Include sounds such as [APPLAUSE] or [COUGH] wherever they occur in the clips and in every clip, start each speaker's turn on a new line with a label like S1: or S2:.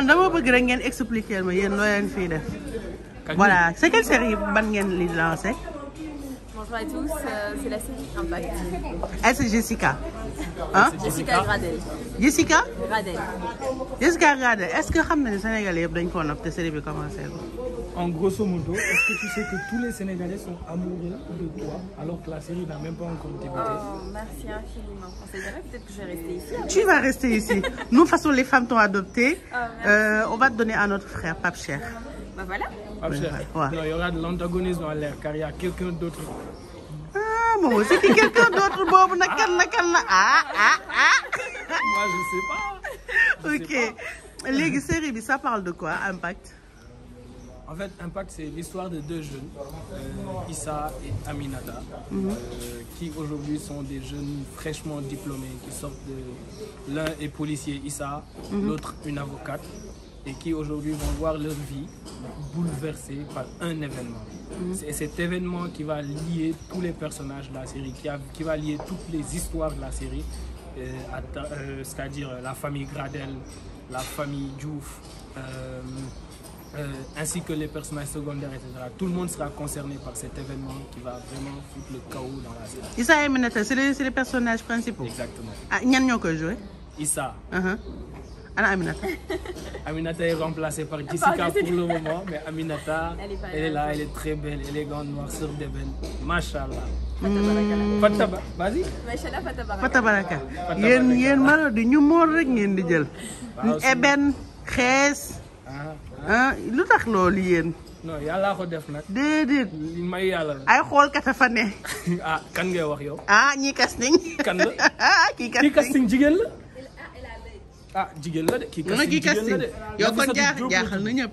S1: man dama bëgg rek ngeen expliquer ma yéen loo leen fii def. voilà c'est quelle série ban ngeen li lancé. Bonjour à tous, euh, c'est la série Impact. Elle c'est Jessica. ah Jessica Gradel. Jessica. Gradel. Jessica Gradel est-ce que xam na ne Sénégalais yëpp dañ ko nopp te série bi commencé ko. en grosso modo, est-ce que tu sais que tous les Sénégalais sont amoureux de toi alors que la série n'a même pas encore débuté oh, Merci infiniment. On s'est ah, peut-être que je vais rester ici. Tu vas rester ici. [LAUGHS] Nous, de toute façon, les femmes t'ont adopté. Oh, euh, on va te donner à notre frère, Pape Cher. Bah voilà. Pape Cher. Non, il y aura de l'antagonisme à l'air car il y a quelqu'un d'autre. Ah, moi aussi, quelqu'un d'autre. Bon, ah. ah, ah, ah. Moi, je sais pas. ok. Les séries, ça parle de quoi Impact en fait, Impact, c'est l'histoire de deux jeunes,
S2: euh, Issa et Aminata, mhm. euh, qui aujourd'hui sont des jeunes fraîchement diplômés, qui sortent de... L'un est policier, Issa, mhm. l'autre une avocate, et qui aujourd'hui vont voir leur vie bouleversée par un événement. Mhm. C'est cet événement qui va lier tous les personnages de la série, qui, va lier toutes les histoires de la série, euh, c'est-à-dire la famille Gradel, la famille Diouf, euh, ainsi que les personnages secondaires, etc. Tout le monde sera concerné par cet événement qui va vraiment foutre le chaos dans la salle.
S1: Issa et Minata, c'est les, les, personnages principaux Exactement. Ah, Nyan jouer. joué Issa. Uh -huh. Aminata.
S2: [LAUGHS] Aminata est remplacée par Jessica pour le moment, mais Aminata, elle est, là, elle est très belle, élégante, noire, sur des belles. Mashallah. Fatabaraka. Hmm. Vas-y. Mashallah, Fatabaraka. Fatabaraka. Yen,
S1: yen, malade, de mourrons, yen, de gel. Eben, Khes. Ah. hein ha? lutax lolu yeen
S2: non yalla ko def nak
S1: dedet may yalla ay [LAUGHS] xol kata fa ne
S2: ah kan ngay wax yow
S1: ah ñi casting kan la [LAUGHS] ah ki casting ki casting jigen la ah jigen la de ki casting jigen la de yo ko jaxal na ñep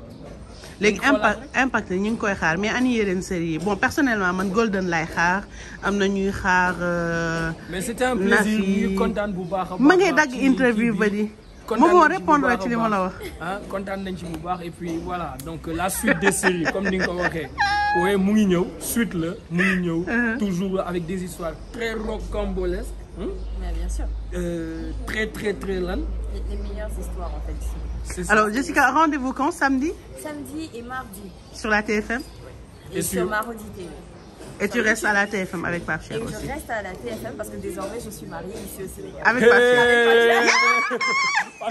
S1: léegi impact impact ni ngi koy xaar mais ani yeneen série bon personnellement man Golden lay xaar amna ñuy xaar. Euh, mais c'était un plaisir ñu contane
S2: bu baax ma ngay dag interview ba
S1: di. mo moo répondre ci li ma la wax.
S2: ah contane nañ ci bu baax et puis voilà donc la suite des séries comme ni nga ko waxee. waaye
S1: mu ngi ñew suite
S2: la mu ngi ñew uh-huh. toujours avec des histoires très rocambolesques. Hmm? Mais bien sûr. Euh, très, très, très long Les, meilleures histoires, en fait. Alors,
S1: Jessica, rendez-vous quand Samedi
S2: Samedi et mardi.
S1: Sur la TFM oui. Et, sur
S2: Marodi TV.
S1: Et tu restes à la TFM avec aussi Et je reste à la TFM parce que désormais,
S2: je suis mariée ici au Sénégal. Avec Parcher [LAUGHS]